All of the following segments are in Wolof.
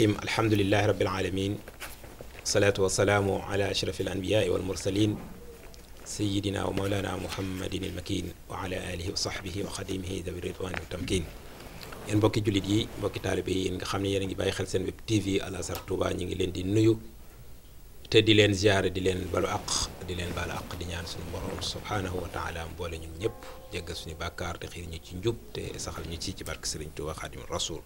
rahim alhamdulilahi rabil alamin salaatu wasalaamu ala ashrafi alanbiyaai walmursalin sayidina wa maulana muhammadin almakin wa ala alihi wa sahbihi wa xadimihi dawi ridwani wa tamkin yéen mbokki jullit yi mbokki taalibe yi yéen nga xam ne yéen a ngi bàyyi xel seen web tv Al Azhar Touba ñu ngi leen di nuyu te di leen ziare di leen balu aq di leen balu di ñaan suñu borom subhanahu wa taala mboole ñun ñëpp jéggal suñu bàkkaar te xiir ñu ci njub te saxal ñu ci ci barke Sëriñ Tuuba Xaadimu Rasuul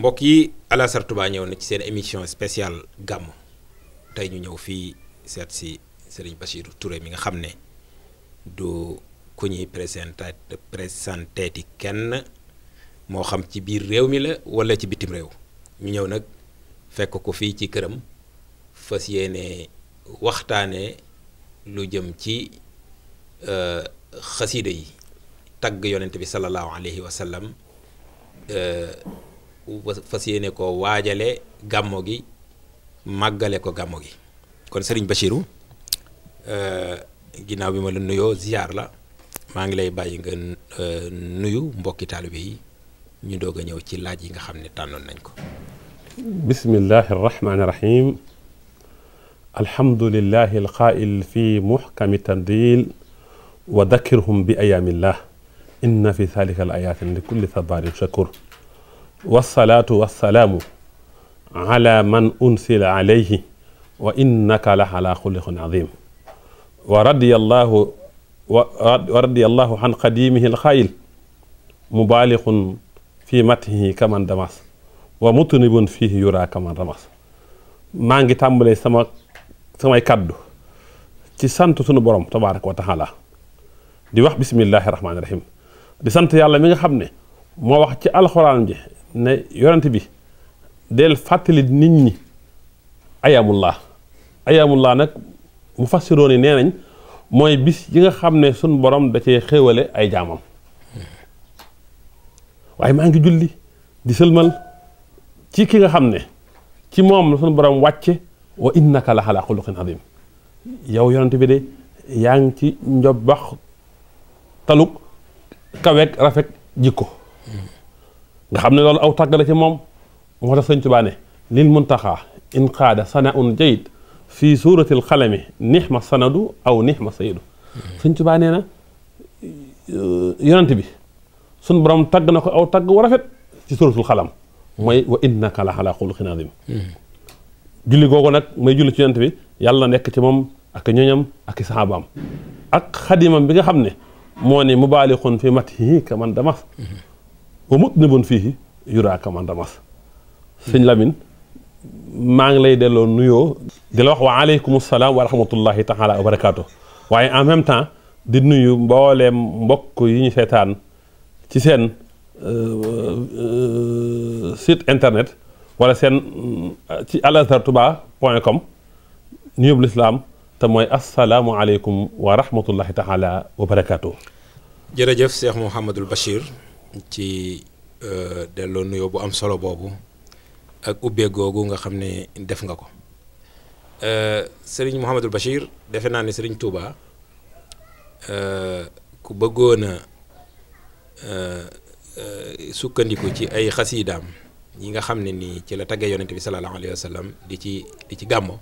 mbokk yi Alasar Touba ñëw na ci seen émission spéciale gàmm tey ñu ñëw fii seet si Serigne Bassirou Touré mi nga xam ne du ku ñuy présenté présentéti kenn moo xam ci biir réew mi la walla ci bitim réew ñu ñëw nag fekk ko fii ci këram fas yéene waxtaanee lu jëm ci euh, xasida yi tagg yonent bi sallallahu alayhi wa sallam. Euh, fas yéene ko waajale gàmmo gi màggale ko gàmmo gi kon sëriñ Bachirou euh, ginnaaw bi ma la nuyoo ziar la maa ngi lay bàyyi nga euh, nuyu mbokki taalibe yi ñu doog a ñëw ci laaj yi nga xam ne tànnoon nañ ko bismillahi arrahmani irrahim alhamdulilahi alqail fi muxkami tandil wa dakirhum bi ayaamillah inna fi thalika al ayatin li kulli sabarin wasalaatu wasalaamu ala man unsila alayhi wa innaka la ala xuluqin azim wa radiyallahu wa radiyallahu an qadimihi alxayil mubaaliqun fi matihi kaman damas wa mutunibun fihi yura kaman ramas maa ngi tàmbalee sama samay kàddu ci sant sunu borom tabaraka wa taala di wax bismillahi rahmaani rahim di sant yàlla mi nga xam ne moo wax ci alxuraan ji ne yorante bi del fàttali nit ñi ayamullaa ayamullaa nag mu fassiroon yi nee nañ mooy bis yi nga xam ne suñ borom da cee xéewale ay jaamam waaye maa ngi julli di sëlmal ci ki nga xam ne ci moom la suñu borom wàcce wa innaka la xalaa adim yow yonante bi de yaa ngi ci njobax taluk kaweeg rafet jikko nga xam ne loolu aw tàgg la ci moom moo tax sëñ Tuubaa ne lil muntaxaa in qaada sana un jayid fii suuratil xalami ma sanadu aw nixma sayidu sëñ Tuubaa nee na yonent bi sun borom tagg na ko aw tàgg wu rafet ci suuratul xalam mooy wa innaka la ala xuluqin azim julli googu nag mooy julli ci yonent bi yàlla nekk ci moom ak ñoñam ak ak xadimam bi nga xam ne moo ne mubaalixun fi matihi ka man damas wa mutnibun fii yuraaka man damas sëñ Lamine maa ngi lay delloo nuyoo di la wax wa aleykum salaam wa rahmatullahi taala wa barakaatu waaye en même temps di nuyu mbooleem mbokk yi ñu seetaan ci seen euh, euh, site internet wala seen euh, ci Al tubaa Touba point com nuyub lislaam te mooy asalaamualeykum wa rahmatullahi taala wa barakaatu. jërëjëf Cheikh Mouhamadul Bachir. ci euh, delloo nuyoo bu am solo boobu ak ubbee googu nga xam ne def nga ko euh, sëriñ Mouhamadul Bachir defe naa ne sëriñ Touba euh, ku bëggoon a sukkandiku ci ay xasiidaam yi nga xam ne nii ci la tagge yonent bi sallallahu alayhi wa di ci di ci gàmmo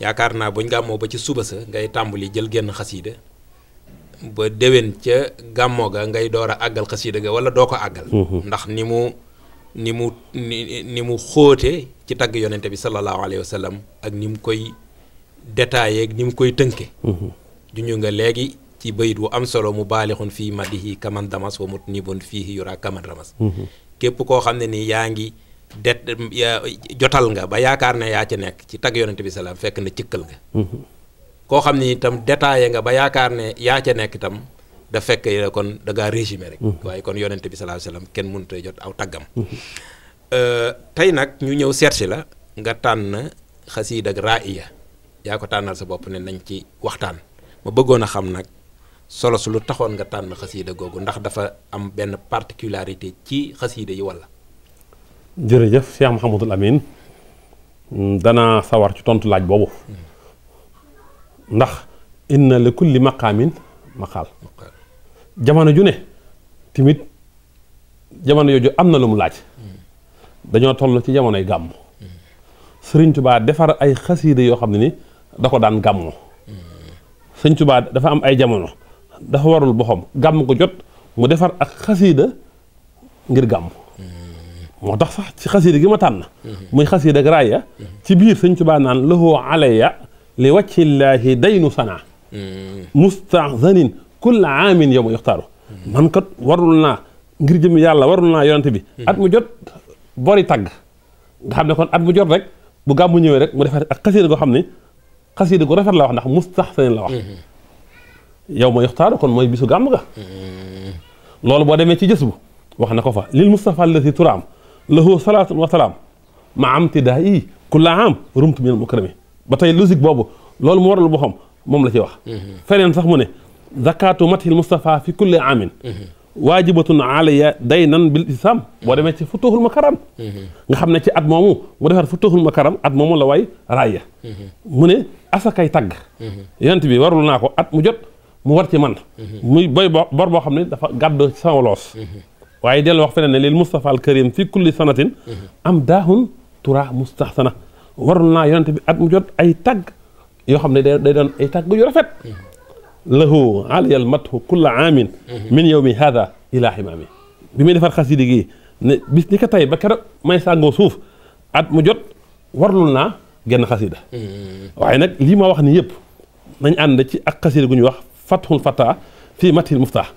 yaakaar naa buñ gàmmoo ba ci suba sa ngay tàmbali jël genn xasiida ba déwén ca gàmmoo ga ngay door a àggal xasida ga wala doo ko àggal mhm. ndax ni mu ni mu ni mu xóote ci tagg yonente bi sallallahu alayhi wa sallam ak ni mu koy détaillé ak ni mu koy tënke mhm. juñu nga léegi ci bayit wu am solo mu baalixun fii madihi kaman damas wa mut nibun fii yura kaman mhm. képp koo xam ne nii yaa ngi det jotal nga ba yaakaar ne yaa ci nekk ci tagg yonente bi salaam fekk na cëkkal nga koo xam ni itam détaillé nga ba yaakaar ne yaa ca nekk itam da fekk la kon da ngaa régimé rek. Mm-hmm. waaye kon yonent bi sallallahu alayhi wasallam kenn mënut a jot aw taggam. Mm-hmm. Euh, tey nag ñu ñëw seet la nga tànn xasiid ak raaya yaa ko tànnal sa bopp ne nañ ci waxtaan ma bëggoon a xam nag solo su lu taxoon nga tànn xasiida googu ndax dafa am benn particularité ci xasiida yi walla. jërëjëf Cheikh Mouhamadul Amin mm, danaa sawar ci tontu laaj boobu. Mm. ndax inna li kulli maqaamin maqaal jamono ju ne tamit jamono jooju am na lu mu laaj dañoo toll ci jamonoy gàmmu sëriñ tubaa defar ay xasiida yoo xam ne ni da ko daan gàmmu sëñ tubaa dafa am ay jamono dafa warul boxam gàmm ko jot mu defar ak xasiida ngir gàmm moo tax sax ci xasiida gi ma tànn muy xasiida ak raaya ci biir sëriñ tubaa naan lahu alayya li wajhi llaahi daynu sanaa mustahzanin kulla aamin yow ma yuxtaaru man kat warul naa ngir jëm yàlla warul naa yonante bi at mu jot bori tàgg nga xam ne kon at mu jot rek bu gàmmu ñëwee rek mu defar ak xasiida goo xam ne xasiida gu rafet la wax ndax mustahzanin la wax yow ma yuxtaaru kon mooy bisu gàmm ga loolu boo demee ci jës bu wax na ko fa lil Mustafa allati turaam lahu salaatun wa salaam ma am tiddaa yi kulla am rumtu min al mukrami ba tey logique boobu loolu mu waral boppam moom la ci wax mm-hmm. feneen sax mu ne zakatu mathil Moustapha fi kulli amin mm-hmm. waajibatun alayya daynan bil islam boo demee ci futuhul makaram mm-hmm. nga xam ne ci at moomu mu defar futuhul makaram at moomu la way raaya mu ne asakay tagg yonent bi warul naa ko at mu jot mu war ci man muy boy bor boo xam ne dafa gàddu ci loos waaye dellu wax feneen ne lil Moustapha al karim fi kulli sanatin am daahun tura mustahsana warul naa yonent bi at mu jot ay tagg yoo xam ne day doon ay tagg yu rafet mm-hmm. lahu aliyal mathu kulla aamin mm-hmm. min yawmi hada ila ximaami bi muy defar xasida gi ne bis ni ko tey ba keroog may sàngoo suuf at mu jot warlul naa genn xasida mm-hmm. waaye nag lii ma wax ni yëpp nañ ànd ci ak xasida gu ñuy wax fathul fata fii matil muftah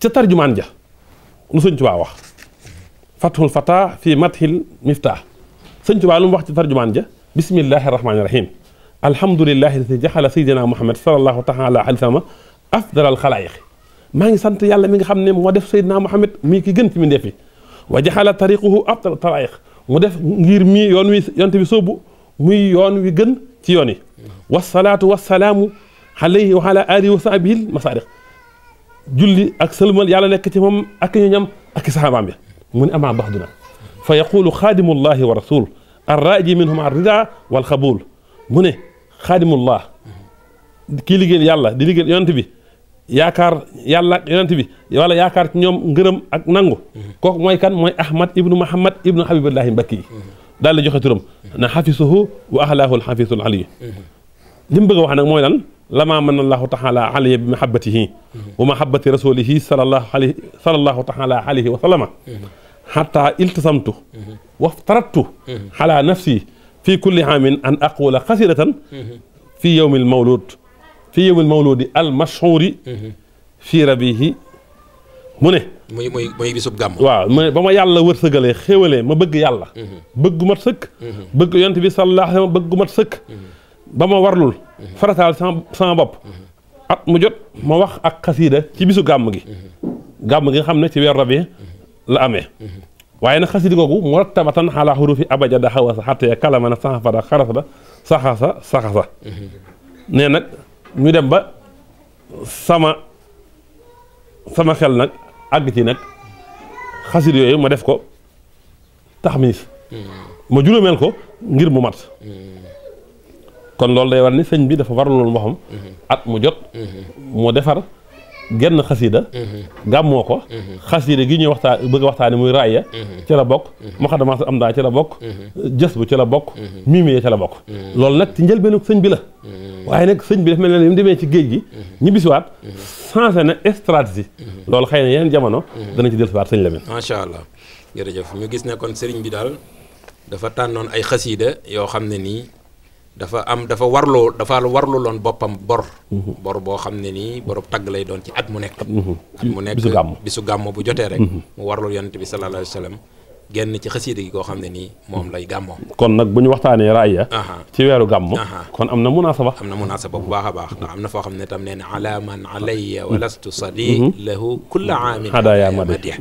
ca tarjumaan ja lu fata fii matil miftah sëñ Tuubaa lu mu wax ci tarjumaan ja bismillahi rahmaani rahim alhamdulilahi lati jaxala sayyidina muhammad salallahu taala alayhi wa afdal al maa ngi sant yàlla mi nga xam ne moo def sayyidina muhammad mii ki gën ci mbindéef yi wa jaxala tariquhu afdal taraayiq mu def ngir mii yoon wi yonte bi sóobu muy yoon wi gën ci yoon yi wasalaatu wasalaamu alayhi wa ala wa sahbihi masaariq julli ak sëlmal yàlla nekk ci moom ak ñu ñam ak saxaabaam bi fa yaqulu xaadimullahi wa rasul arraji minhum arrida wal xabul mu ne xaadimullah kii liggéeyal yàlla di liggéeyal yonent bi yaakaar yàlla ak yonent bi wala yaakaar ci ñoom ngërëm ak nangu kooku mooy kan mooy ahmad ibnu muhammad ibnu habibullahi mbakki yi daal la joxe turam na xafisuhu wa ahlaahu alxafisul aliyu li mu bëgg a wax nag mooy lan lamaa man allahu taala alayya bi mahabatihi wa mahabati rasulihi sallallahu alayhi sallallahu taala alayhi wa sallama xata iltisamtu waftarattu xalaa nafsi fi kulli aamin an aqula xasiratan fi yowmi almawlud fi yowmi almawludi almashhuuri fi rabihi mu ne muy muy muy bisub gàmm waaw mu ne ba ma yàlla wërsëgalee xéwalee ma bëgg yàlla bëgg gu mat sëkk bëgg yonent bi sallallahu alayhi wa sallam bëgg gu mat sëkk ba ma warlul farataal sama bopp at mu jot ma wax ak xasiida ci bisu gàmm gi gàmm gi xam ne ci weer rabi la ame waaye na xasidi googu mu rak tabatan xaalaa xurufi abaja da xaw a sa xattee kalama na saxa fada xaras da saxasa saxasa nee nag ñu dem ba sama sama xel nag àgg ci nag xasid yooyu ma def ko taxmiis ma juróomeel ko ngir mu mat kon loolu day war ni sëñ bi dafa waraloon waxam at mu jot mu defar genn xasida mhm. gàmmoo ko mhm. xasida gi ñuy waxtaan bëgg waxtaani muy raaya mhm. ci la bokk maxadamaatul am daa ci la bokk jës bu ci la bokk mimie ci la bokk loolu nag ci njëlbeenu sëñ bi la waaye nag sëñ bi daf mel ne li mu demee ci géej gi ñu bisiwaat changé na stratégie loolu xëy na yenn jamono dana ci dellusiwaat sëñ Lamine macha allah jërëjëf ñu gis ne kon sëriñ bi daal dafa tànnoon ay xasida yoo xam ne nii dafa am dafa warloo dafa warlu loon boppam bor mhm. bor boo xam ne nii borob tagg lay doon ci at mu nekk mhm. at mu nekk bisu gàmm bu jotee rek mhm. mu warlul yonent bi sallallahu alayhi wa sallam genn ci xasiida gi koo xam ne nii moom lay gàmmoo kon nag bu ñu waxtaanee raaya ci weeru gàmmo kon am na munaasaba am na munaasaba bu baax a baax ndax am na foo xam ne tam nee na ala man alayya wa lastu sadi lahu kulla aamin hadaya madi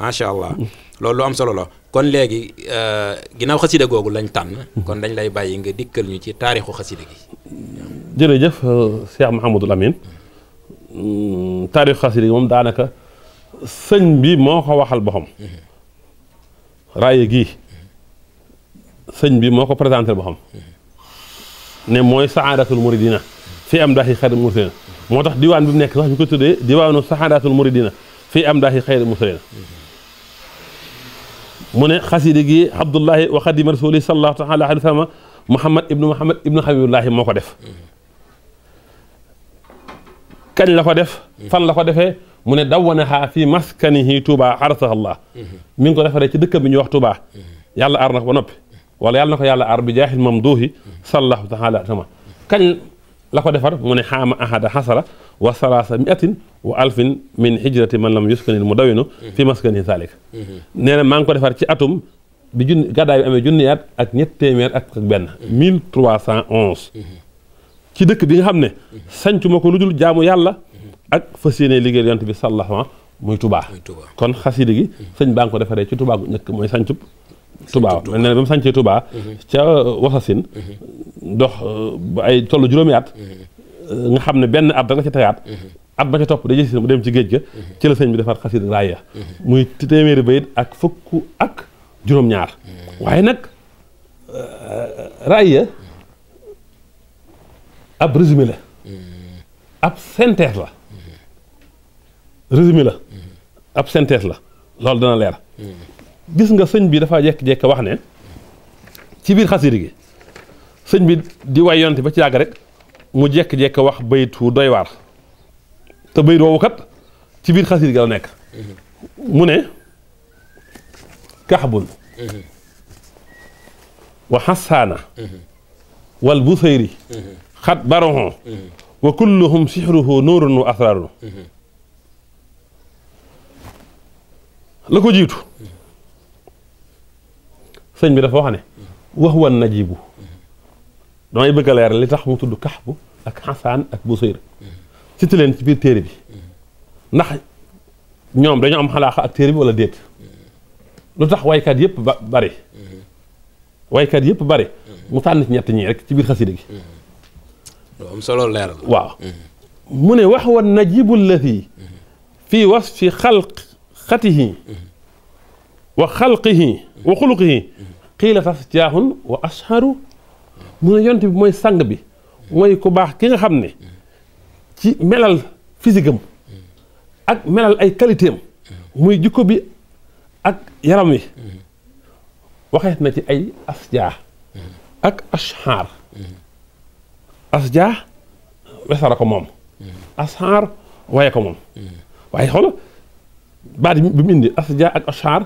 macha allah loolu lu am solo la kon léegi euh, ginnaaw xasida googu lañ tànn kon dañ lay bàyyi nga dikkal ñu ci taarixu xasida gi jërëjëf euh, Cheikh Mouhamadul Amine hmm, taarixu xasida gi moom daanaka sëñ bi moo ko waxal boppam raaye gii sëñ bi moo ko présenté boppam ne mooy saadatul muridina fi am daaxi xayri mursaliina moo tax diwaan bi mu nekk sax ñu koy tuddee diwaanu saadatul muridina fi am daaxi xayri mursaliina mu ne xasida gi abdullahi wa xadima rasuli sallallahu taala alayhi wa sallam muhammad ibnu muhammad ibnu habibullahi moo ko def kañ la ko def fan la ko defee mu ne dawwanaha fi maskanihi tuuba xarasaha allah mi ngi ko defaree ci dëkkam bi ñuy wax tubaa yàlla aar ko ba noppi wala yàlla na ko yàlla aar bi jaaxil mamduuhi sallallahu taala alayhi wa sallam kañ la ko defar mu ne xaama ahada xasara wa salaasa atin wa alfin min hijrati man lam yuskanil mu dawinu fi maskani salik nee na maa ngi ko defar ci atum bi junni gàddaay bi amee junniyaat ak ñett téeméer ak benn mil trois cent onze ci dëkk bi nga xam ne sancu ma ko lu dul jaamu yàlla ak fas yéene liggéeyal yonent bi sallallahu muy Touba kon xasida gi sëñ baa ngi ko defaree ci Touba gu njëkk mooy sancub Touba mel na ne ba mu sàncee Touba mhm. ca euh, Wasasin mhm. dox euh, ba ay tollu juróomi at mhm. euh, nga xam ne benn at da nga ca tegaat at ba ca topp da jësi mu dem ci géej ga ci la bi defar xasida raaya muy téeméeri bayit ak fukk ak juróom-ñaar waaye nag raaya ab résumé la ab synthèse la résumé la ab synthèse la loolu dana leer gis nga sëñ bi dafa jekk-jekk wax ne ci biir xasida gi sëñ bi di way yonte ba ci yàgg rek mu jekk-jekk wax bayit wu doy waar te bayit woowu kat ci biir xasida gi la nekk mu ne kaxbun wa xasaana wal busayri xat barohon wa kulluhum sixruhu nuurun wa asraarun la ko jiitu sëñ bi dafa wax ne wax wan najibu damay bëgg a leer li tax mu tudd kaxbu ak xasaan ak busayr citi leen ci biir téere bi ndax ñoom dañu am xalaaxa ak téere bi wala déet lu tax waykat yëpp ba waykat yëpp bari mu tànn ci ñett ñi rek ci biir xasida gi lu am solo leeral mu ne wax wa najibu alladi fii wasfi xalq xatihi wa xalqihi wa xuluqihi xiila faf jaaxun wa asharu mu ne yont bi mooy sang bi mooy ku baax ki nga xam ne ci melal physique ak melal ay qualité muy jikko bi ak yaram wi waxees na ci ay asjaa ak ashaar asjaa wesara ko moom ashaar waaye ko moom waaye xoola baat bi mu indi asjaa ak ashaar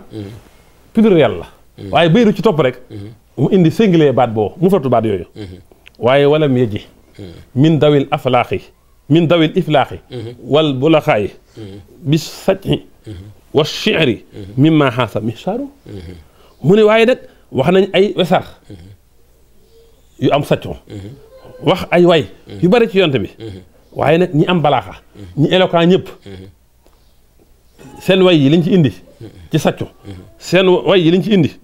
pluriel la Mhm. waaye bayru ci topp rek mhm. mu indi singulier baat boo mu faratu baat yooyu mhm. waaye walam yeji min dawil aflaaxi min dawil iflaaxi wal bulaxaayi bi sajxi wa chiri mimma xaasa mixsaaru mu ne waaye nag wax nañ ay wesaar yu am sacco wax ay way yu bari ci yonte bi waaye nag ñi am balaaxa ñi éloquent ñëpp seen way yi liñ ci indi ci sàccu seen way yi liñ ci indi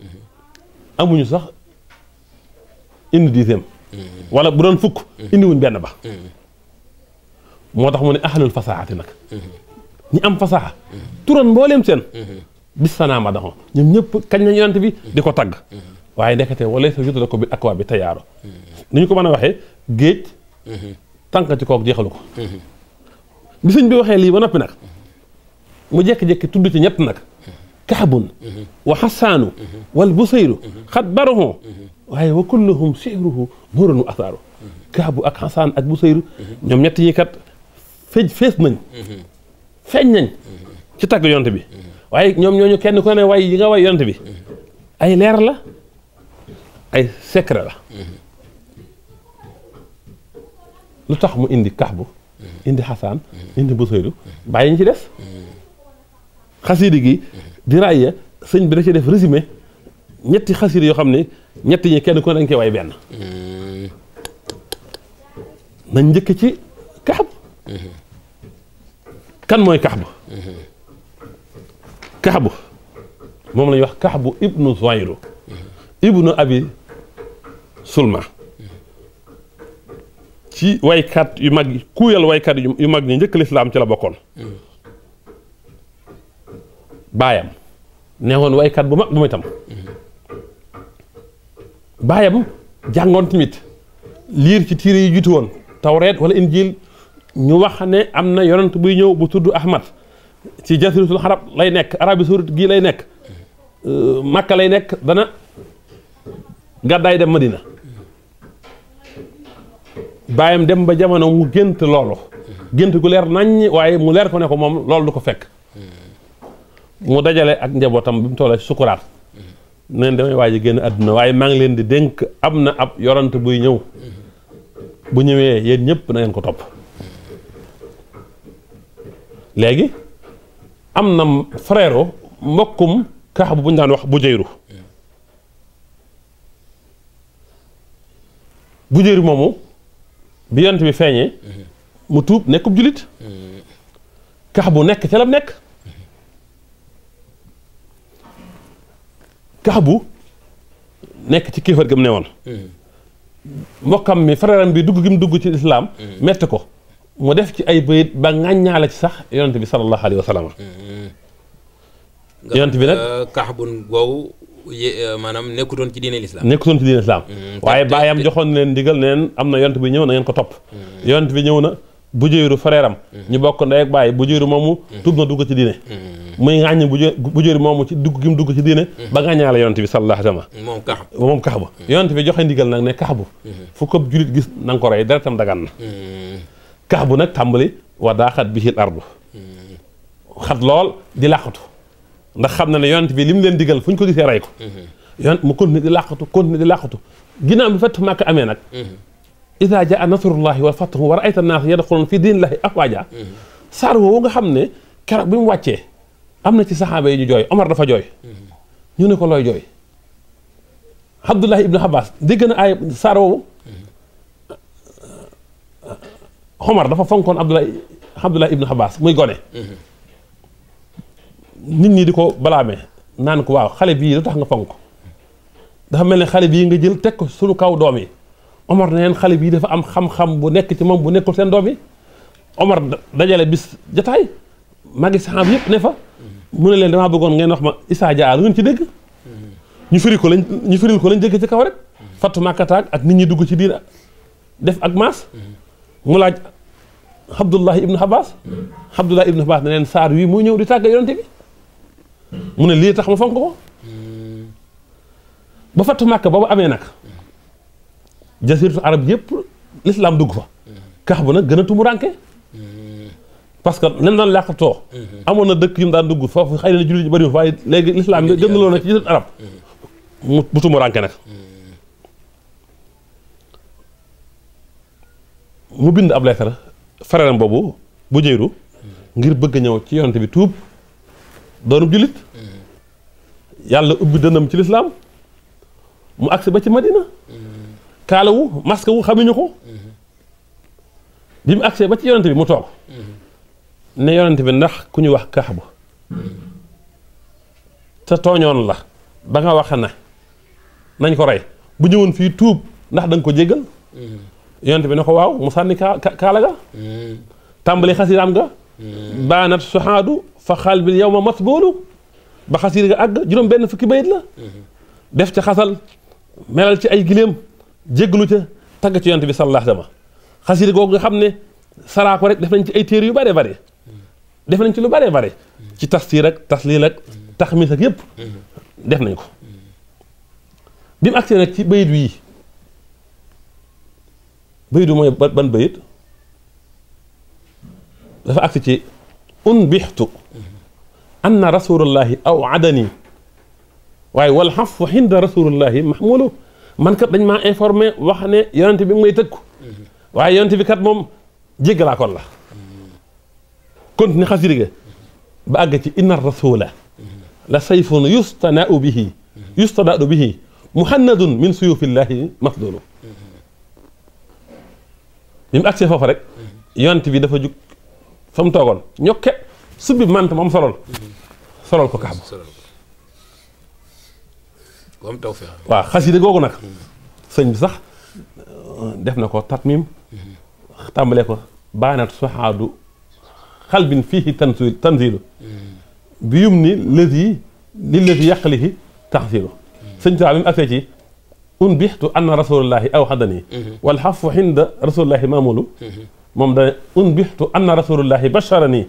amuñu sax indi dixième wala bu doon fukk indi wuñ benn ba moo tax mu ne ahlul fasaxati nag ñi am fasaxa turan mbooleem seen bis sanaama daxon ñoom ñëpp kañ nañ yonent bi di ko tagg waaye ndekete walay sa yutda ko bi akwa bi tayaaro ni ñu ko mën a waxee géej tànk ci kook jeexalu ko bi sëñ bi waxee lii ba noppi nag mu jékki-jékki tudd ci ñett nag kaabun wa xasaanu wal busayru xat baruhu waaye wa kulluhum siiruhu nuurun wa asaaru kaabu ak xasaan ak busayru ñoom ñett ñi kat feej fees nañ feeñ nañ ci tagg yonte bi waaye ñoom ñooñu kenn ku ne way yi nga way yonte bi ay leer la ay secret la lu tax mu indi kaabu indi xasaan indi busayru bàyyi ñu ci des xasiidi gi di raaya sëñ bi da ci def résumé ñetti xasir yoo xam ne ñetti ñi kenn ko dañ koy way benn nañ njëkk ci kaxab kan mooy kaxabu kaxabu moom la wax kaabu ibnu zoyru ibnu abi sulma ci waykat yu mag kuuyal waykat yu mag ñi njëkk lislaam ci la bokkoon baayam neexoon waykat bu mag bu muy tam baayam jàngoon tamit liir ci tiire yi jiitu woon tawreet wala injiil ñu wax ne am na yonent buy ñëw bu tudd ahmad ci jasiratul xarab lay nekk arabi saudite gii lay nekk euh, makka lay nekk dana gàddaay dem madina baayam dem ba jamono mu gént loolu gént gu leer naññ waaye mu leer ko ne ko moom loolu du ko fekk mu dajale ak njabootam bi mu tollee ci sukuraat nee na damay waaj a génn àdduna waaye maa ngi leen di dénk am na ab yorante buy ñëw bu ñëwee yéen ñëpp na ngeen ko topp léegi am na frère mbokkum kaax bu ñu daan wax bu jëyru bu jëyru moomu bi yonent bi feeñee mu tuub nekkub julit kaax bu nekk ca la nekk Kaxbu nekk ci kéefar gam ne woon hmm. mbokkam mi fararam bi dugg gi mu dugg ci lislaam hmm. metti ko mu def ci ay bayit ba ŋàññaale ci sax yonent bi sallallahu alayhi wa sallam hmm, bi nag euh, Kaxbun googu euh, maanaam nekkutoon ci diine lislaam nekkutoon ci diine lislaam waaye baayam joxoon leen ndigal neen am na yonent bi ñëw na ngeen ko topp yonent bi ñëw na bu jëyru frère am mhm. ñu bokk ndey bàyyi bu jëyru moomu mhm. tuub na dugg ci diine mhm. muy ngàññ bu jëyru moomu ci dugg gi mu dugg ci diine ba ngàññaale yonent bi sallallahu alayhi wa sallam moom kax moom kax ba yonent bi joxe ndigal nag ne kax bu fu ko julit gis na nga ko rey deretam dagan na kax bu nag tàmbali wa daa xat bi xil xat lool di làqatu ndax xam na ne yonent bi li mu leen digal fu ñu ko gisee rey ko yonent mu continué di làqatu continué di làqatu ginnaaw bi fett màkk amee nag ida jaa nasrullahi wal fathu wa raayta annaasa yadxuluuna fi diinillahi afwaaja saar woowu nga xam ne keroog bi mu wàccee am na ci saxaaba yi ñu jooy Omar dafa jooy ñu ne ko looy jooy Abdullahi ibnu Abbas dégg na ay saar woowu Omar dafa fonkoon Abdullahi Abdullahi ibnu Abbas muy gone nit ñi di ko balaame naan ko waaw xale bii lu tax nga fonk dafa mel ni xale bii nga jël teg ko sunu kaw doom yi Omar ne leen xale bii dafa am xam-xam bu nekk ci moom bu nekkul seen doom yi Omar dajale bis jataay magi saxaab yëpp ne fa mu ne leen damaa bëggoon ngeen wax ma Issa Dia lu ngeen ci dégg ñu firi ko lañ ñu firil ko lañ dégg ci kaw rek fattu màkkataag ak nit ñi dugg ci diin def ak maas mu laaj Abdullah ibnu Abbas Abdullah ibnu Abbas ne leen saar wii muy ñëw di tàgga yonente bi mu ne lii tax ma fonk ko ba fattu màkk boobu amee nag jasirtu arab yëpp lislaam dugg fa kax bu nag gën a tumuranke parce que len daan làqatoo amoon na dëkk yu daan dugg foofu xëy na jullit yi bëriwul waaye léegi l'islam gën na loo nag ci jasirtu arab bind ab leetar frèram boobu bu jëyru ngir bëgg ñëw ci bi tuub doonub jullit yàlla ubbi dënam ci lislaam mu agsi ba ci madina kaalawu masque wu xamuñu ko bi mu agsee ba ci yonent bi mu toog ne yonent bi ndax ku ñu wax kaax bu te tooñoon la ba nga wax ne nañ ko rey bu ñëwoon fii tuub ndax danga ko jéggal yonent bi na ko waaw mu sànni kaa kaala ga tàmbali xasiiraam ga baanat soxaadu fa xaal bi yow ma mat boolu ba xasiir ga àgg juróom benn fukki bayit la def ca xasal melal ci ay giléem jégglu ca tagg ci yonte bi sallallahu alayhi wa sallam xasida googu nga xam ne saraa ko rek def nañ ci ay téere yu bare bare def nañ ci lu bare bare ci tafsiir ak tasliil ak taxmis ak yépp def nañ ko bi mu agsee nag ci bayit wii bayit wi ba ban bayit dafa agsi ci unbixtu anna rasulullahi aw adani waaye wal xafu xinda rasulullahi mahmulu man kat dañ maa informé wax ne yonent bi may tëkku waaye yonent bi kat moom jéggalaa kon la continue xasida ga ba àgg ci inna rasula la sayfun yustanau bihi yustadaadu bihi muhannadun min suyufillahi masdulu bi mu agsee foofu rek yonent bi dafa jug fa mu toogoon ñokke subbi mant moom solol solol ko kaaba waaw xasida googu nag sëñ bi sax def na ko tatmim tàmbalee ko baanat soxaadu xalbin fiihi tansil tanzilu bi yum ni lësi li lësi yàqlihi taxsilu sëñ Tuubaa bi mu agsee ci un bixtu anna rasulullahi aw xadani wal xafu xinda rasulullahi maamulu moom dane un bixtu anna rasulullahi bacharani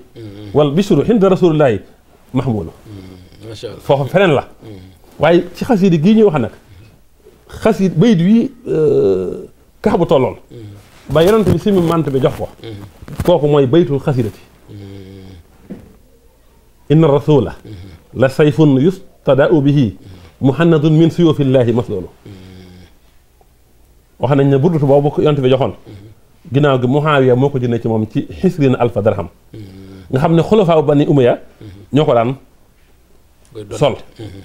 wal bichru xinda rasulullahi mahmulu mm-hmm. foofu feneen la waaye ci xasida gii ñuy wax nag xasida bayit wi euh, kax bu tolloon ba yonent bi simi mant bi jox ko kooku mooy baytul xasidati inna rasula la sayfun yustadaau bihi muhannadun min suyufillahi maslolu wax nañ ne burdutu boobu ko yonent bi joxoon ginnaaw gi Muhaawiya moo ko jëndee ci moom ci xisrina alfa darham nga xam ne xulafaa bani umaya ñoo ko daan sol mm-hmm.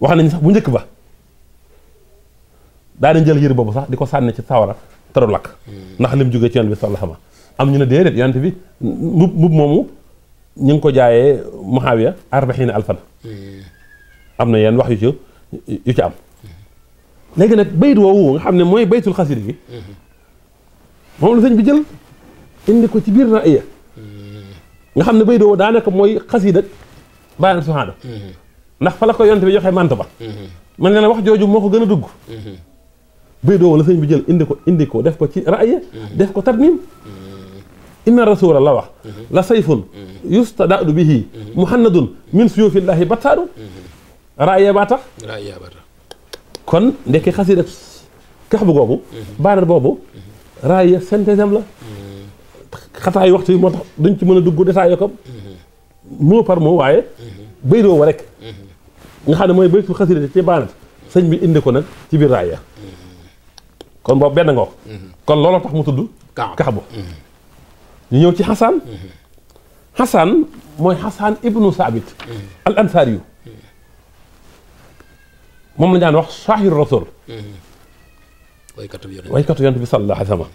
wax nañ sax bu njëkk ba daa dañ jël yére boobu sax di ko sànni ci sawara te du lakk hmm. ndax lim jógee ci yoon bi sallallahu alayhi am ñu ne déedéet yonent bi mbub moomu ñu ngi ko jaayee Muawiya arbaxiina alfan hmm. am na yenn wax yu ci yu ci am hmm. léegi nag bayt woowu nga xam ne mooy baytul xasida gi moom la sëñ bi jël indi ko ci biir na nga xam ne bayt woowu daanaka mooy xasida bàyyi na subhaana ndax fala ko yonte bi joxe mànt ba mm-hmm. man ne na wax jooju moo ko gën a dugg mm-hmm. bay doo wala sëñ bi jël indi ko indi ko def ko ci raaya mm-hmm. def ko tarnim inna rasula la wax la sayfun yustadaadu bihi muhannadun min suyufillahi battaadu raaya baa tax kon ndekki xasida kax bu googu baadar boobu raaya synthèsem la xataay waxtu yi moo tax duñ ci mën a dugg détaillé ko mot par mot waaye bay doo wa rek nga xam ne mooy baytu xasida ci baanat sëñ bi indi ko nag ci biir raaya kon boobu benn ngoo kon looloo tax mu tudd kaabu ñu ñëw ci xasaan xasaan mooy xasaan ibnu saabit al ansaar moom la daan wax saahiru rasul waykatu yonent bi sallallahu alayhi wa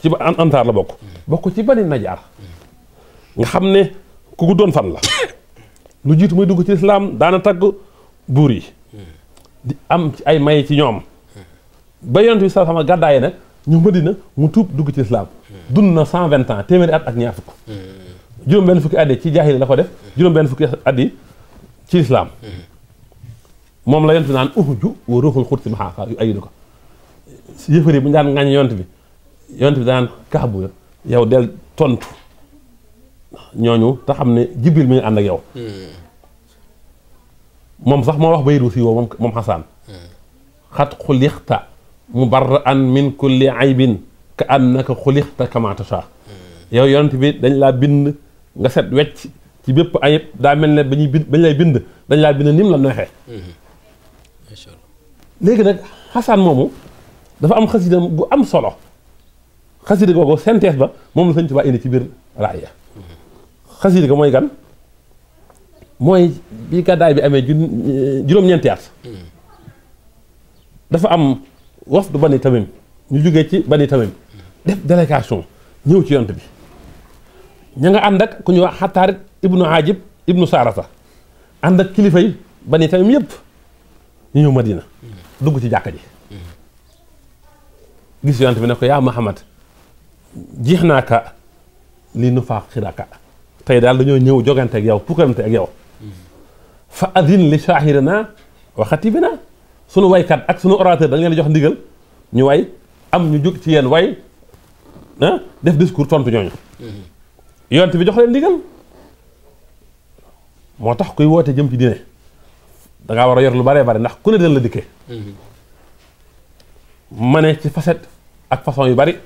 ci ba ansaar la bokk bokk ci bani najaar nga xam ne ku doon fan la lu jiitu muy dugg ci lislaam daana tagg buur yi di am ci ay may ci ñoom ba yonent bi sa sama gàddaaye nag ñu Madina mu tuub dugg ci lislaam dund na cent vingt ans téeméeri at ak ñaar fukk juróom benn fukki at yi ci jaahili la ko def juróom benn fukki at lislaam moom la yonent bi naan uxuju wa ruuxul xut si maxaaka yu ayidu ko yëfër yi bu ñu daan ŋàññ yonent bi yonent bi daan kax bu yow del tontu ñooñu te xam ne jibril mi ngi ànd ak yow moom sax moo wax bayru si woo moom moom xasaan xat xulixta mubarra'an min kulli aybin ka annaka xulixta kama sax yow yonent bi dañ laa bind nga set wecc ci bépp ayib daa mel ne ba ñuy bind bañ lay bind dañ laa bind nim la neexee léegi nag xasaan moomu dafa am xasida gu am solo xasida googu synthèse ba moom la Sëñ Tuubaa indi ci biir raaya xasida ga mooy gan mooy bi gàddaay bi amee euh, juróom-ñeenti at dafa am wafdu Bani Tamim ñu jógee ci Bani Tamim def délégation ñëw ci yont bi ña nga ànd ak ku ñu wax xataarit ibnu ajib ibnu saarata ànd ak kilifa yi Bani Tamim yëpp ñu ñëw Madina dugg ci jàkka ji gis yont bi ne ko yaa Muhammad jiix naa ka lii nu faa xiraaka tey daal dañoo ñëw jogante ak yow pukkalante ak yow fa adin li naa shahirina bi xatibina sunu waykat ak sunu orateur da nga leen jox ndigal ñu way am ñu jóg ci yéen way ah def discours tontu ñooñu mm-hmm. yonent bi jox leen ndigal moo tax kuy woote jëm ci diine da war a yor lu bare bare ndax ku ne dina la dikkee mm-hmm. ma ne ci facette ak façon yu bari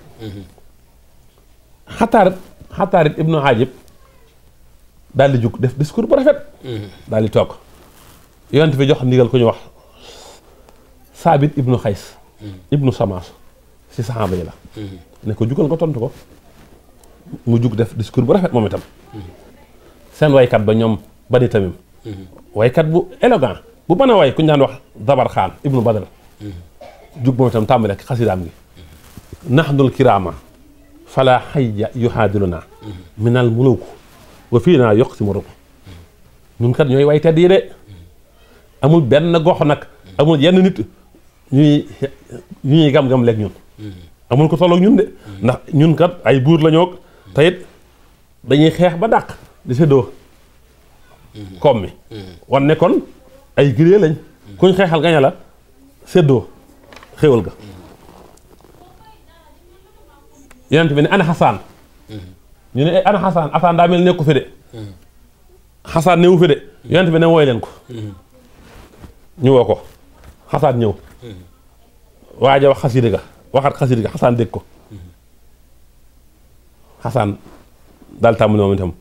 xataarit mm-hmm. xataarit ibnu ajib daal di jug def discours bu rafet. Mm-hmm. daal di toog yonent bi jox ndigal ku ñu wax Saabit ibnu Xays. Mm-hmm. ibnu Samaas si saxaaba yi la. Mm-hmm. ne ko jugal nga tontu ko mu jug def discours bu rafet moom itam. seen waykat ba ñoom bani tamit waykat bu élégant bu mën a way ku ñu daan wax Dabar Xaan ibnu Badr. jug moom itam tàmbali ak xasidaam gi. naxnul kiraama. fala xayya yuhaadiluna. minal muluku. wa fii naa yokk si mu rëbb ñun kat ñooy way tedd yi de amul benn gox nag amul yenn nit ñuy ñuy gam-gam leeg ñun amul ko solo ñun de ndax ñun kat ay buur lañoo ñoog dañuy xeex ba dàq di séddoo koom mi wan ne kon ay girée lañ kuñ xeexal gaña la séddoo xéwal ga yonent bi ne ana xasaan ñu ne eh, ana xasaan xasaan daa mel nekku fi xasaan newu fi de yonent ne wooy leen ko ñu woo ko xasaan ñëw waaja wax xasida ga waxat xasida ga xasaan dégg ko xasaan daal tàmm moom itam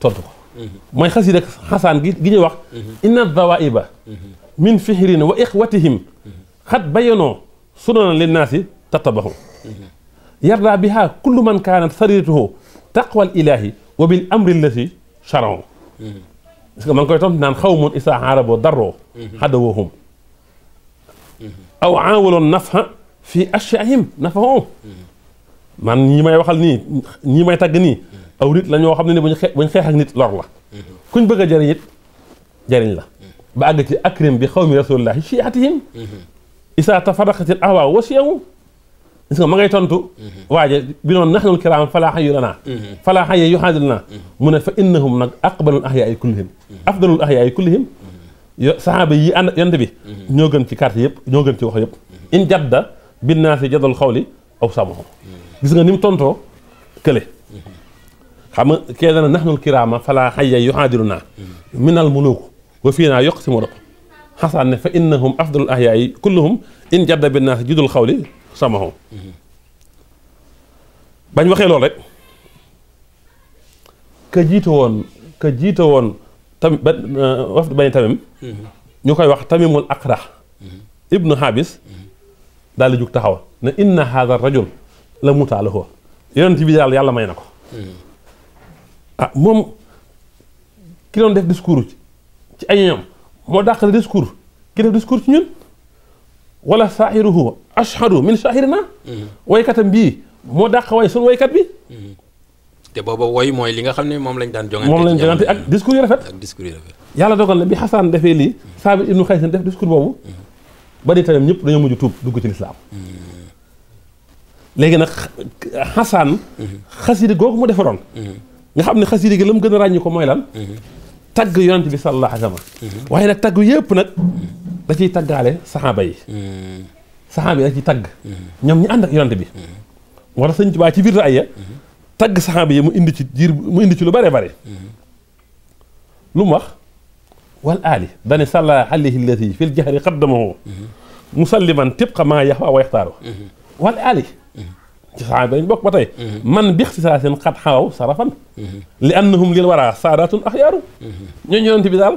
tontu ko mooy xasida xasaan gi gi ñuy wax inna dawaiba min fihrin wa ixwatihim xat bayanoo sunana linnaasi tattabahu yarda biha kullu man kaanat sariratuhu taqwa al ilahi wa bil amri allati charon parce que ma koy tom naan xaw xawmun isa arabo daroo xadawahum aw aawaloon nafha fii ashyahim nafahum man ñi may waxal nii ñii may tagg nii aw nit la ñoo xam ne ne buñ buñ xeex ak nit lor la kuñ bëgg a jëriñ it la ba àgg ci akrim bi xawmi rasulillahi chiatihim isa tafaraqatil ahwa wa siyawu gis nga ma ngay tontu mhm. waaje bi noonu naxnul kiraam falaa xayu lanaa mhm. falaa xaye yu xaadil mhm. mu ne fa innahum nag aqbalul ahyaa yi kullihim afdalul ahyaa yi kullihim yo saxaaba yi ànd bi ñoo gën ci quartier yëpp ñoo gën ci wax yëpp in jadda binnaasi jadal xawli aw samoho gis nga ni mu tontoo kële xam nga kee dana naxnul kiraama falaa xaye yu xaadilu naa minal muluuk wa fii naa yoq si mu rop xasaan ne fa innahum afdalul ahyaa yi kullihum in samahu bañ waxee lool rek ka jiite woon ka woon tamit ba uh, wafd bani tamim ñu koy wax tamimul aqra ibnu habis daal di jug taxaw ne inna haada rajul la mutaalahu yonent bi daal yàlla may na ko ah moom ki doon def discours ci ay ñoom moo dàq discours ki def discours ci ñun wala saaxiru huwa ashhadu min na mm-hmm. waykatam bii moo dàq waaye suñu woykat bi mm-hmm. te booba woy mooy li nga xam ne moom lañ daan jongante moom lañ jongante ak discours yu rafet ak discours yu rafet yàlla dogal na bi xasaan defee lii saabit ibnu xaysin def discours boobu mm-hmm. ba di tamit ñëpp dañoo mujj tuub dugg ci lislaam léegi nag xasaan xasidi googu mu defaroon nga xam ne xasidi gi la mu gën a ràññi ko mooy lan tagg yonent bi sallallahu alayhi wa sallam mhm. waaye nag tagg yépp nag mhm. da ciy taggaale saxaaba yi mhm. saxaaba yi da ciy tagg ñoom ñu ànd ak yonent bi wala sëñ Tuubaa ci biir raay ya tagg saxaaba yi mu indi ci jiir mu indi ci lu bare bare lu wax wal aali dani salla alayhi allati fil jahri qaddamahu musalliman tibqa maa yaxwa wa yaxtaaru wal aali ci saxaaba lañ bokk ba tey mm-hmm. man bix si saa seen xat xawaw sarafan mm-hmm. li annahum lil waraa saadatun axyaaru mm-hmm. ñooñu yonent bi daal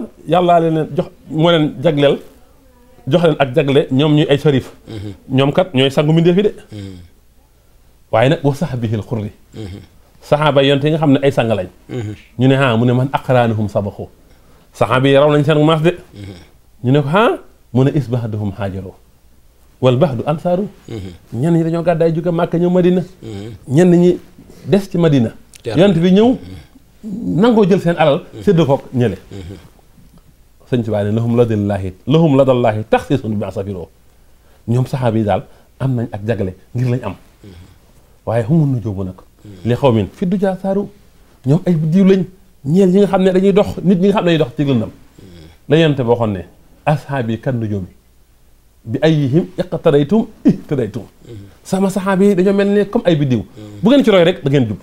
jox moo leen jox leen ak jagle ñoom ñuy ay sharif ñoom kat ñooy sangu mbindeef yi de waaye nag wa saxbihil xurri saxaaba yonent yi nga xam ne ay sang ñu ne a mu ne man aqraanahum sabaxu saxaaba bi raw nañ seen maas de ñu ne ko a mu ne isbahdahum xaajaroo wal bahdu ansaaru ñenn ñi dañoo gàddaay jóge Màkka ñëw Madina ñenn ñi des ci Madina yonent bi ñëw nangoo jël seen alal séddoo ko ñële sëñ Tuubaa ne lahum ladallaahi lahum ladallaahi tax si sun bi ma safiroo ñoom saxaaba yi daal am nañ ak jagle ngir lañ am waaye xamun na jóobu nag li xaw min fi dujaa saaru ñoom ay biddiw lañ ñeel ñi nga xam ne dañuy dox nit ñi nga xam ne dox ci lëndam la yonent boo xoon ne ashaabi kan nujuumi bi ayihim iqtadaytum ihtadaytum sama saxaaba yi dañoo mel ne comme ay biddiw bu ngeen ci roy rek da ngeen jub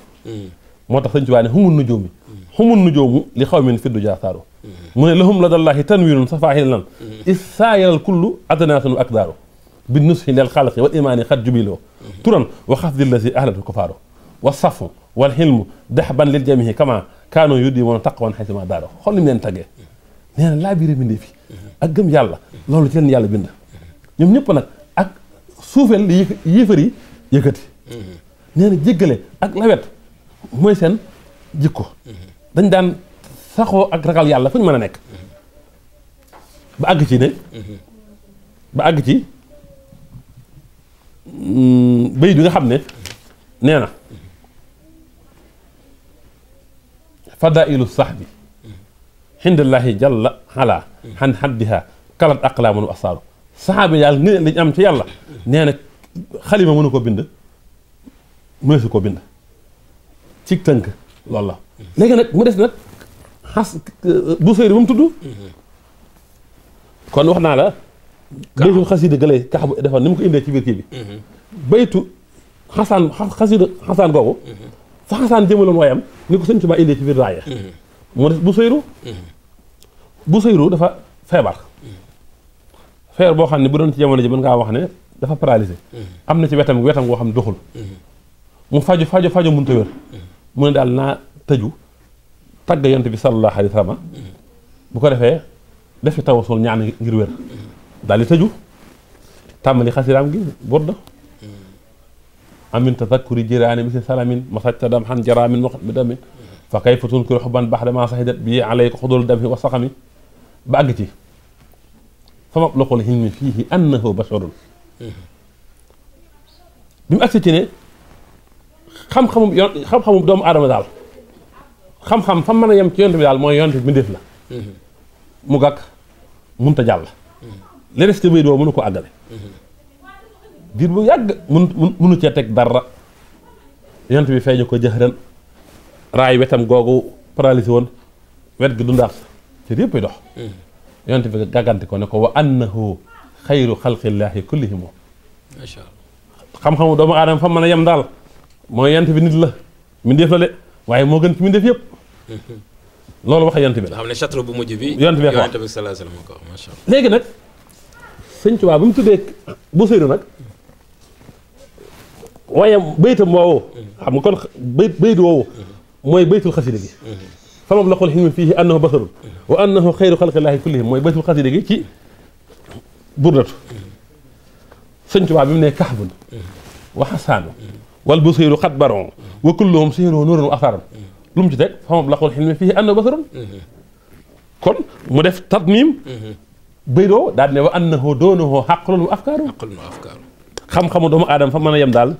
moo tax sëñ Tuubaa ne xumul nujoomi xumul nujoomu li xaw min fi duja saaru mu ne lahum ladallaahi tanwiirun safaahin lan issaayal kullu adnaatun wa akdaaru bi nushi lil xalqi wal imaani xat jubiloo turan wa xafdi llasi ahlatu kufaaru wa safu wal xilmu dahban lil jamihi kama kaanu yudiimuuna taqwan xaysuma daaro xool ni mu leen tàggee nee na laa biir bindee fi ak gëm yàlla loolu ci leen yàlla bind ñoom ñëpp nag ak suufeel li yéefar yëkkati mm-hmm. nee jéggale ak lawet mooy seen jikko mm-hmm. dañ daan saxoo ak ragal yàlla fu ñu mën a nekk mm-hmm. ba àgg ci ne ba àgg ci mm, bay bi nga xam ne nee na fadailu sahbi xindallaahi jalla ala xan xaddiha kalat aqlaamun asaaru saxaaba yàlla ngëneel lañ am ci yàlla nee na xalima mënu ko bind mëne su ko bind ci tënk loolu la léegi nag mu des nag xas bu seyri bu mu wax naa la baytu xasida gëlay kax bu defoon ni ko indee ci biir kii bi mhm. baytu xasaan xasida xasaan googu mhm. fa xasaan jëmaloon indee ci biir raaya mhm. bu seyru bu dafa feebar feer boo xam ne bu doon ci jamono ji mën ngaa wax ne dafa paralysé mm-hmm. am na ci wetam wetam goo xam ne doxul mm-hmm. mu faju faju faju mënut a wér mm-hmm. mu ne daal naa tëju tagg yonent bi sallallahu alayhi wa bu ko defee def ci tawasul ñaan ngir wér daal di tëju tàmbali xasiraam gi burda amin tazakkuri jiraani bi si salamin masajta dam xan jaraamin ma bi damin fa kayfa tunkiru xubban baxda ma sahidat bi alayka xudul dami wa saxami ba àgg ci fa mablaxu l-ilmi fiihi annahu basharun bi mu agsi ci ne xam-xamu yoon xam-xamu doomu aadama daal xam-xam fam mën a yem ci yonent bi daal mooy yonent bi mbindeef la mu gàkk mënut a jàll li des ci biir boobu mënu ko àggale diir bu yàgg mun mënu cee teg dara yonent bi feeñu ko jëxëran raay wetam googu paralysé woon wet gi dundaat ci yëpp dox yonent bi gàgganti ko ne ko wa annahu xayru xalqillaahi kullihim macha allah xam-xamu doomu aadama fa mën a yem daal mooy yonent bi nit la mi def la waaye moo gën ci mi def yëpp loolu wax yonent bi la. xam ne château bu mujj bi. yonent bi yonent bi sallallahu léegi nag sëñ Tuubaa bi mu tuddee Buseyri nag waaye baytam woowu xam kon bayt bayt mooy baytul xasida gi mm-hmm. fa mablaqul xilmi fiihi annahu basarun wa annahu xayru xalqillaahi kullihim mooy bés bu xasida gi ci burdatu sëñ Tuubaa bi mu ne kaxbun wa xasaanu wal busiiru xat baron wa kulluhum sihrun nuurun wa asaaron lu ci teg fa mablaqul xilmi fiihi annahu basarun kon mu def tatmim bëydoo daal ne wa annahu doonahoo xaqlun wa afkaaru xam-xamu doomu aadama fa mën a yem daal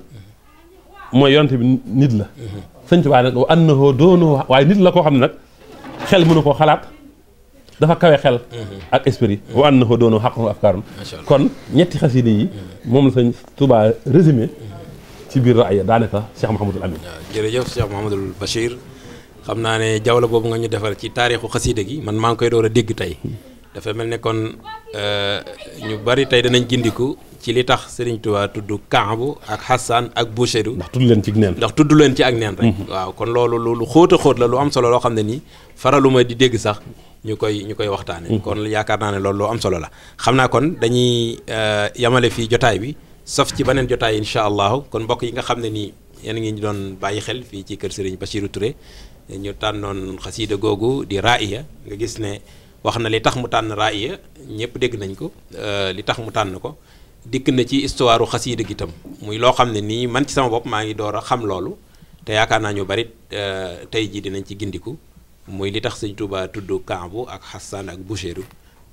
mooy yonte bi nit la sëñ Tuubaa nag wa annahu doonuhu waaye nit la koo xam ne nag xel mënu ko xalaat dafa kawe xel mm-hmm. ak esprit wa annahu doonuhu xaqun afkaarum kon ñetti xasida yi mm-hmm. moom la sëñ Tuubaa résumé mm-hmm. ci biir raaya daanaka Cheikh Mouhamadul Amin jërëjëf Cheikh Mouhamadul Bachir xam naa ne jawla boobu nga ñu defar ci taarixu xasida gi man maa ngi koy door a dégg tey dafa mel ne kon euh, ñu bari tey danañ gindiku ci li tax Serigne Touba tudd Kaabu ak Hassan ak Boucherou. ndax tudd leen ci ndax tudd leen ci ak neen rek. Mhm. waaw kon loolu lu xóot a xóot la lu am solo loo xam ne nii faraluma di dégg sax ñu koy ñu koy waxtaane mhm. kon yaakaar naa ne loolu lu am solo la. xam naa kon dañuy euh, yamale fii jotaay bi saf ci beneen jotaay incha allahu kon mbokk yi nga xam ne nii yéen ngi ñu doon bàyyi xel fii ci kër Serigne Bachirou Touré ñu tànnoon xasiida googu di raaya nga gis ne. wax na li tax mu tànn raaya ñëpp dégg nañ ko euh, li tax mu tànn ko dikk na ci histoire xasiida gi itam muy loo xam ne nii man ci sama bopp maa ngi door a xam loolu te yaakaar naa ñu bari euh, tey jii dinañ ci gindiku muy li tax sëñ Tuubaa tudd Kaabu ak Xasaan ak Bushayru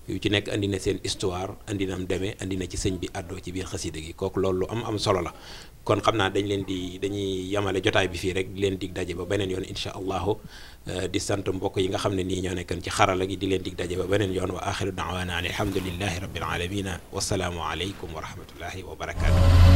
yu ci nekk indi na seen histoire andi na am demee andi na ci sëñ bi àddoo ci biir xasiida gi kooku loolu lu am am solo la kon xam naa dañ leen di dañuy yamale jotaay bi fii rek di leen dig daje ba beneen yoon incha allahu Eh, di sant mbokk yi nga xam ne nii ñoo nekkoon ci xarala gi di leen dig daje ba beneen yoon wa axiru daawaana an alhamdulillahi rabbil alamina wasalaamu aleykum wa rahmatullahi wa barakaatu